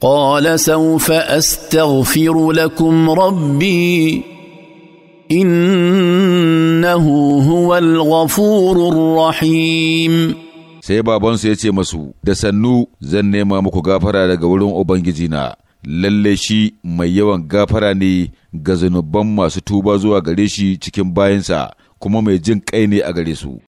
قال سوف استغفر لكم ربي انه هو الغفور الرحيم sai babansu ya ce masu da sannu zan nema muku gafara daga wurin Ubangiji na. lalle shi mai yawan gafara ne ga zunuban masu tuba zuwa gare shi cikin bayansa kuma mai jin kai ne a gare su